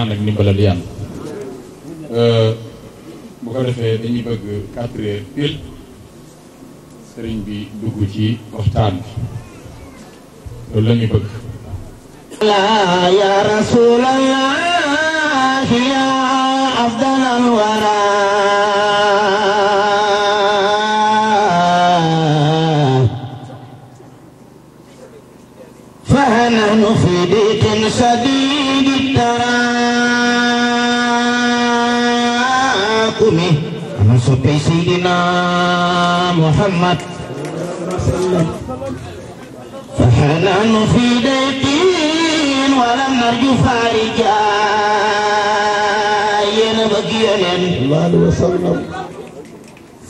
ànd ak Nicolas Diane euh, bu ko defee dañuy bëgg quatre sëriñ bi dugg ci waxtaan ya rasulallah al wara نصلي سيدنا محمد فحنان في ضيق ولم نرجو فارجا بقينا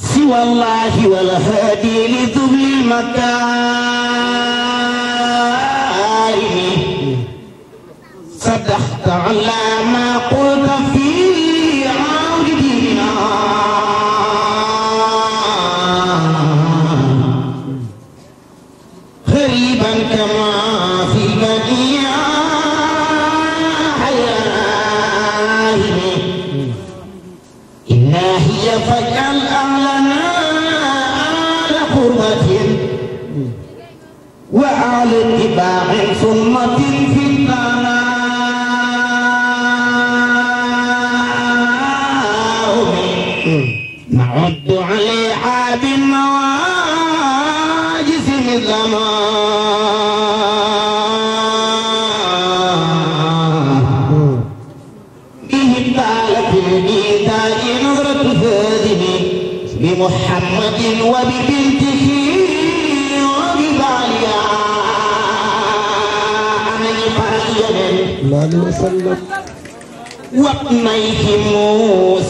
سوى الله والهادي لذبل المكارم صدقت على ما قلت Come on. بمحمد وببنته وببعلها من قرية وابنيهم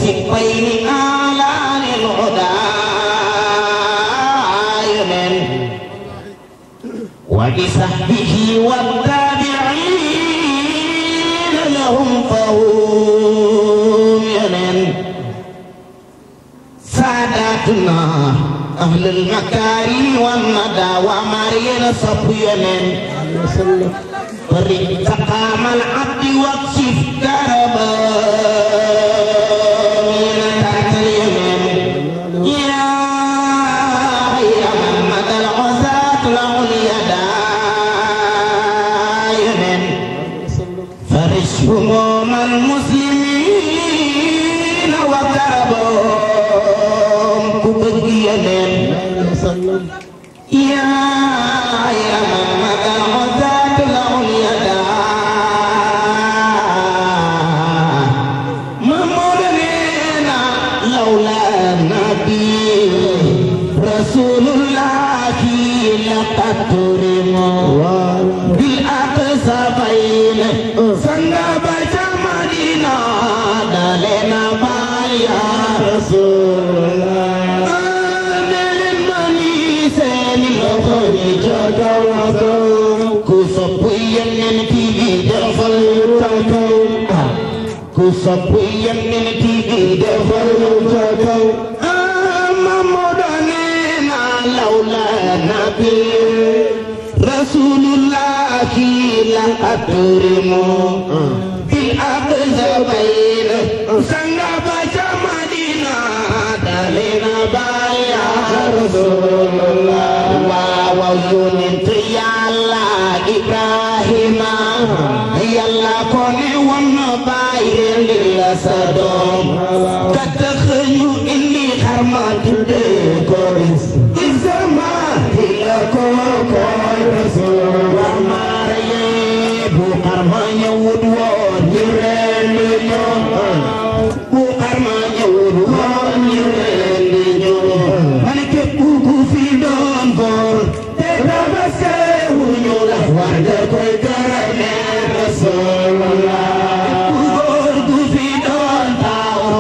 سقين آلان الهدى وبصحبه والتابعين لهم قول ahlatna ahlul makari wa mada wa marina sabiyanen Beri sakamal abdi wa sif darabah sopp yonent bi defal ca kaw ah, Mamadu nee na lawla nabi rasulullahi lan atrimu bil aqza bayna sanga ba ca Madina baya rasulullah wa wa yonent yàlla Ibrahima सदो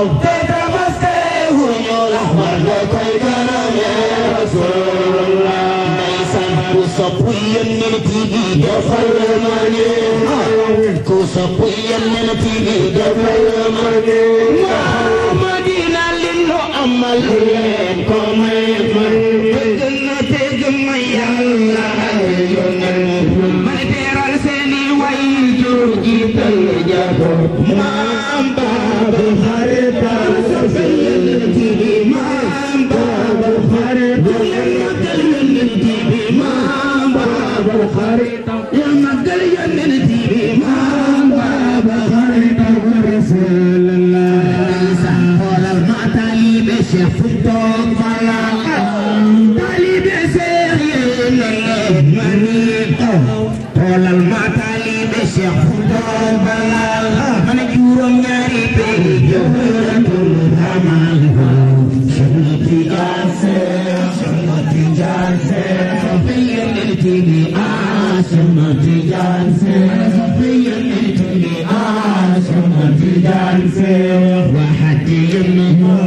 الحوض تتمسيه الأحمر لكي كرم يا رسول الله كوسابويا من تيجي دخل ماني كوسابويا من تيجي دخل ماني مدينة للو أمل كم يفر بدنا تجمع يا الله من تيرا سني ويجو جيت الجبر Hallelujah. Asuma ti danse, biyani tuni asuma ti danse. Wahati yunnu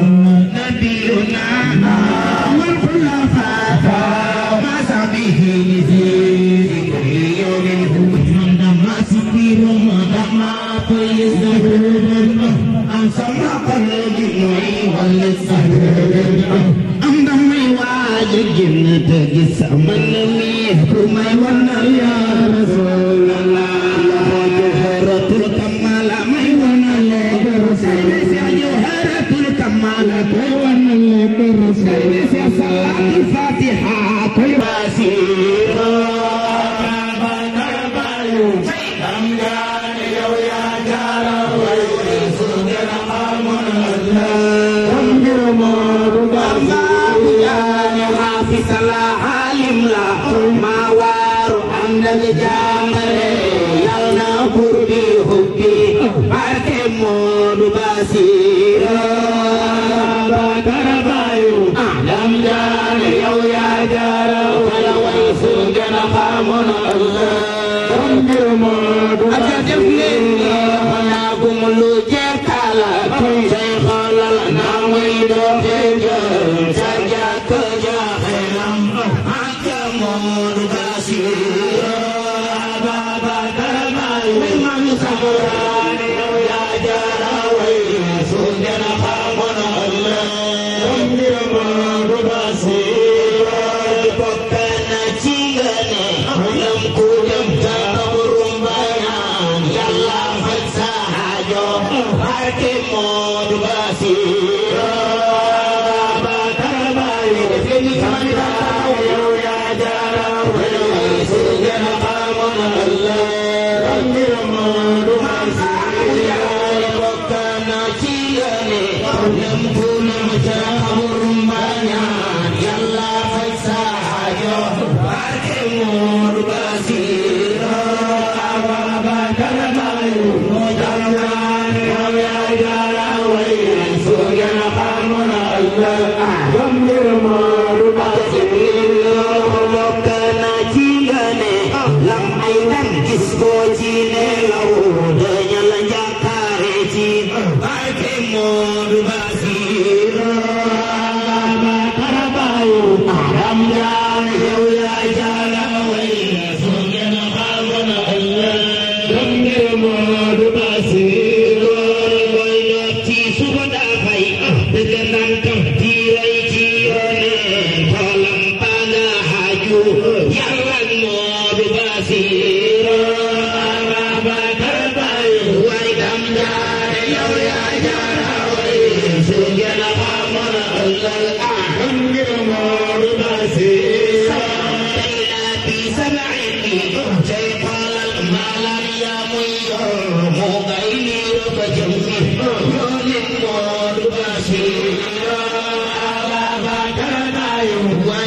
nabiyuna wal khulafa ma sabihi nizi. I'm the way why you give me the kiss. I'm the way who my one. que van a كربايو أعلم داري أو يا دارو فلو الفوق مقام الله boy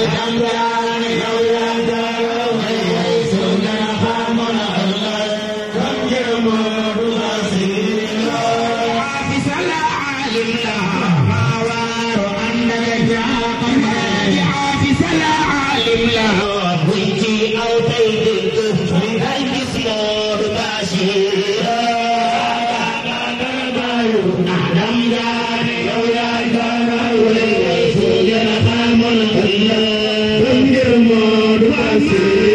Yeah. You.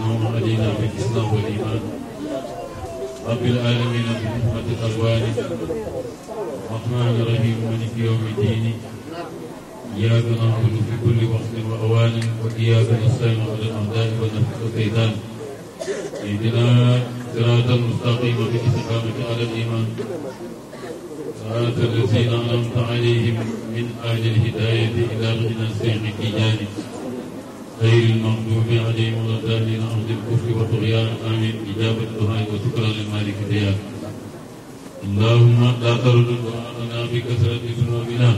اللهم في بالإسلام والإيمان رب العالمين برحمتك الوالد الرحمن الرحيم في يوم الدين إياك نعبد في كل وقت وأوان وإياك نستعين على الأعداء والنفس والشيطان اهدنا صراطا مستقيما بالاستقامة على الإيمان صراط الذين أنعمت عليهم من أهل الهداية إلى غنى الصراط الجانب غير المغضوب عليهم ولا الضالين أرض الكفر والطغيان امين اجابه الدعاء وشكرا لمالك ديار اللهم لا ترد دعاءنا بكثره ذنوبنا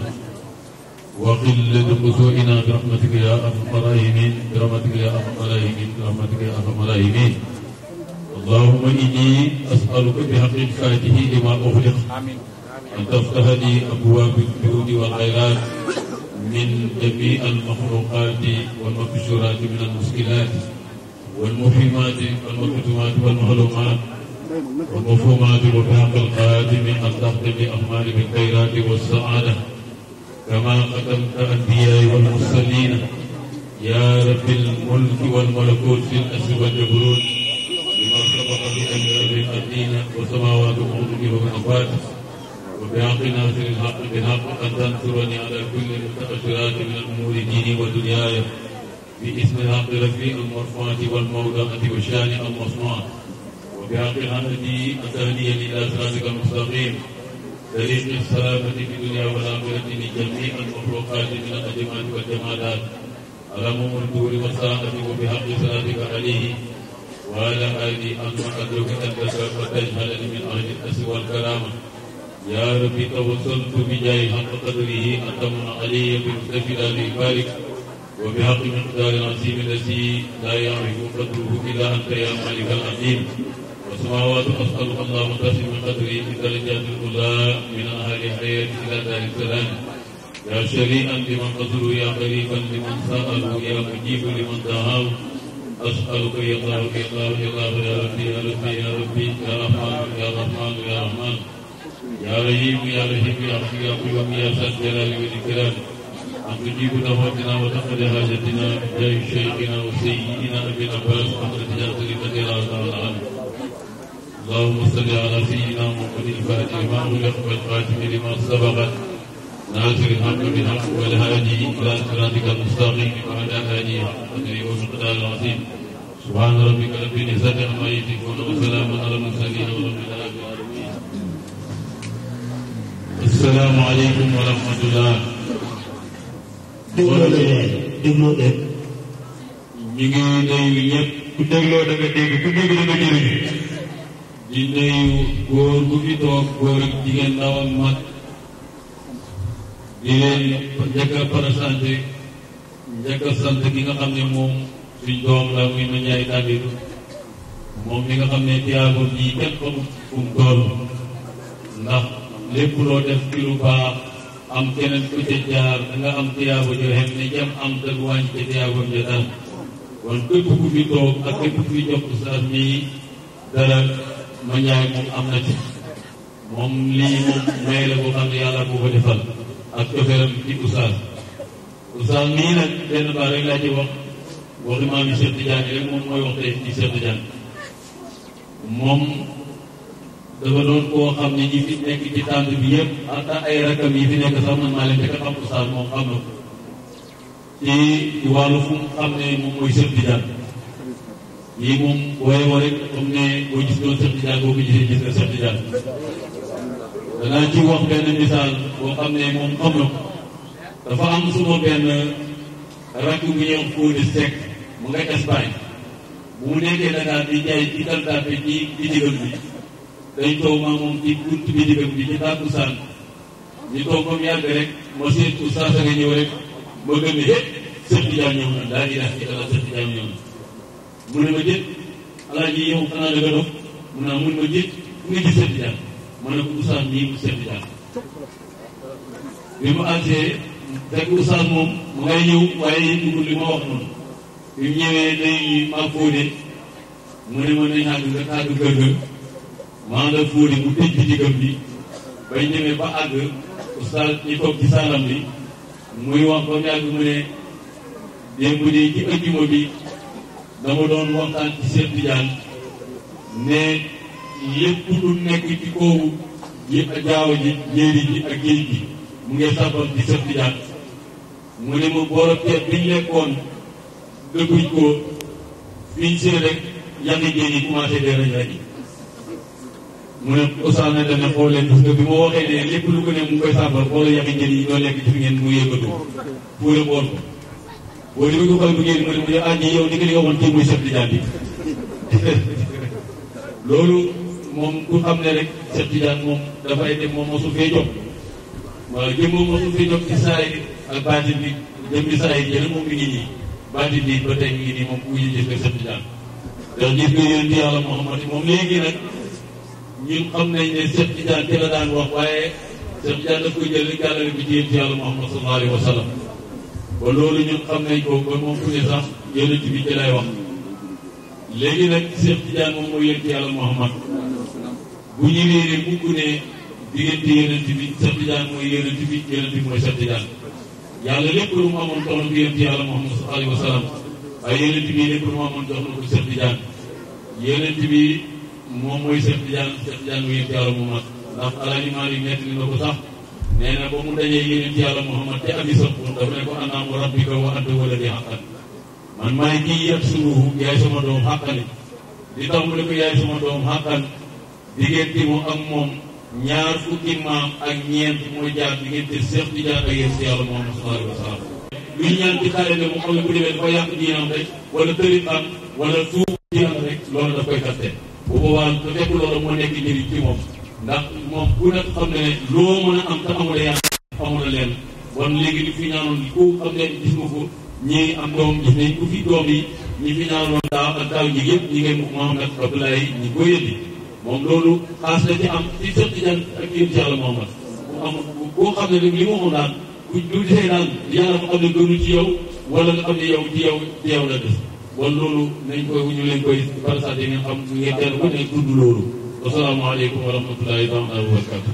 وقلة قسوئنا برحمتك يا ارحم الراحمين برحمتك يا ارحم الراحمين برحمتك يا ارحم الراحمين اللهم اني اسالك بحق الفاتح لما اغلق ان تفتح لي ابواب الجود والخيرات من جميع المخلوقات والمكسورات من المشكلات والمهمات والمكتومات والمخلوقات والمفهومات والفهم القادم الضغط بأعمال بالخيرات والسعادة كما قدمت الأنبياء والمرسلين يا رب الملك والملكوت في الأسر والجبروت بما سبق بأمر الدين والسماوات والأرض والأخوات وبحقنا في الحق بالحق أن تنصرني على كل مستقشرات من الامور ديني ودنياي باسم الحق رفيع المرفوعة والمولعة وشانع المصنوعة وبحق الهدي أتهدي إلى صراطك المستقيم طريق السلامة في الدنيا والآخرة لجميع المخلوقات من الأجمال والجمالات ألم الدور والساعة وبحق صلاتك عليه وعلى آله أن قدرك أن تجهلني من أهل الأسر والكرامة يا ربي توسلت بجاه حق قدره أن تمن علي بالمستفيد لبارك وبحق مقدار العظيم الذي لا يعرف قدره إلا أنت يا مالك العظيم وسماوات أسألك الله تسلم من قدري في درجات الأولى من أهل حياتي إلى دار السلام يا شريئا لمن قدره يا قريبا لمن سأله يا مجيب لمن دعاه أسألك يا الله يا الله يا يا ربي يا ربي يا ربي يا رحمن يا رحمن يا رحمن, يا رحمن يا رحيم يا رحيم يا رحيم يا قيوم يا ذا الجلال والإكرام أن تجيب دعوتنا وتقضي حاجتنا جاي شيخنا وسيدنا أبي العباس حضرة جلالة الله تعالى عنه اللهم صل على سيدنا محمد الفاتح ما أغلق القاتل لما سبق ناصر الحق بالحق والهادي إلى صراطك المستقيم وعلى آله حق قدري ومقدار العظيم سبحان ربك رب العزة عما يصفون وسلام على المرسلين والحمد لله Assalamualaikum warahmatullahi wabarakatuh. Dengar dengar. Minggu ini kutang lo ada kat dia, kutang lo ada kat dia. Jadi gua dengan lawan mat. Dengan penjaga para santri. Jaga santri kita kami mau Sintong kami menyari tadi itu Mungkin akan menyebabkan Jika kau kumpul Nah lépp loo def ci lu baax am keneen ku ca jaar da nga am tiyaaba joo xam ne jam am dëgg wàññi ca tiyaabam ja dal kon képp ku fi toog ak képp ku jox saas nii dara ma njaay moom am na ci moom lii moom may la boo xam yàlla boo ko defal ak cofeeram ci usaas usaas nii nag benn baax rek laa ci wax waxi maam yi Cheikh Tidiane moom mooy wax tey ci Cheikh Tidiane moom dafa doon koo xam ne ñi fi nekk ci tànt bi yëpp ak ay rakam yi fi nekk sax man maa leen di ko am moom xam ne moom xam ne boo xam ne moom xam na dafa am suma benn rakk bu ñëw Fodé Seck mu nga Espagne bu mu nekkee Dakar di jaay ci kaltaate ci ci digal bi day toog maa moom ci bunt bi digam bi ci tàkku saan ñu toog ba mu yàgg rek ma seet ku sa nga ñëw rek ma gëm a yëpp sëñ bi na daa ngi def ci dara sëñ bi daal ñëw na naa mun ma jël fu nga gis sëñ bi daal ma ne ko oustaz nii mu sëñ bi bi mu àgsee rek oustaz moom mu ngay ñëw waaye yëpp li ma wax noonu bi mu ñëwee day maa fóode mu ne ma nañ àgg nga àgg gërgër maanga fuuli mu tëj kambi digam bi bay ñëwee ba àgg ustaal ñu toog ci salam bi muy wax ba mu yàgg mu ne démb ni ci ëjjuma bi dama doon waxtaan ci seen tijaan ne lépp lu nekk ci koowu ji jaawa ji yéeri ji ak di seen tijaan mu ne ma booro teet biñ lekkoon dëgguñ ko fiñ see rek yàgg géej yi mu ne Ousmane Mbengue ne xool leen parce que bi ma waxee ne lépp lu ko ne mu ngi koy saafara xoolal yàq njëriñ yi ñoo lekk jëf ngeen mu yëngatu ko. boo demee ko xool bu ngeen mu ne mu ne bi loolu saay ak baatin bi jëm ci saay yële moom mi ngi nii baatin bi ba tey ngi nii moom ku wuyu jëf nga Cheikh Tidiane ndax gis nga yéen yàlla Mouhamad moom nag. ñun xam nañ ne Cheikh Tidiane ci la daan wax waaye Cheikh Tidiane daf ko jël li jàllale bi ci ci yàlla Muhammad bu ñu réeree mukk ne diggante yonent bi Cheikh Tidiane mooy yonent bi yonent bi mooy Cheikh Tidiane lépp lu mu amoon jox na ko Cheikh Tidiane yonent bi moom mooy seen jàng seen jàng yéen ci yàlla mu mat ndax alaaji Maalik ñett ni na ko sax nee ba mu dajee yéen ci Muhammad te ami sa buur ne ko anaamu rabbika wa anta waladi xaqan man maay kii yab suruhu yaay sama doom xaqani di tàmbali ko yaay sama doom xaqan diggante mu ak moom ñaar fukki maam ak ñeent mooy jaar diggante seex di jaar ak yéen ci yàlla Muhammad sallallahu alayhi wa luy ñaan ci xale ne xam ne bu demee dafa yàq diinam bu boobaa lu fekk loolu moo nekk njëriñ ci moom ndax moom ku nekk xam ne loo mën a am te amul yàlla amul am doom gis nañ fi doom yi ñi fi ñaanoon daaw ak daaw ji yëpp ñi ngeen mu Mohamed Abdoulaye ñi ko yëndi moom la ci am ci sëñ Tijaan ak yéen xam ne li mu waxoon daal ku lu gisee daal yàlla mu xam ne gënu ci yow wala nga xam ne yow ci yow la des bon loolu nañ koy ñu leen koy barsante ngeen xam ngeen dellu ko ne tudd loolu wasalaamaaleykum wa rahmatullahi taala wa barakatu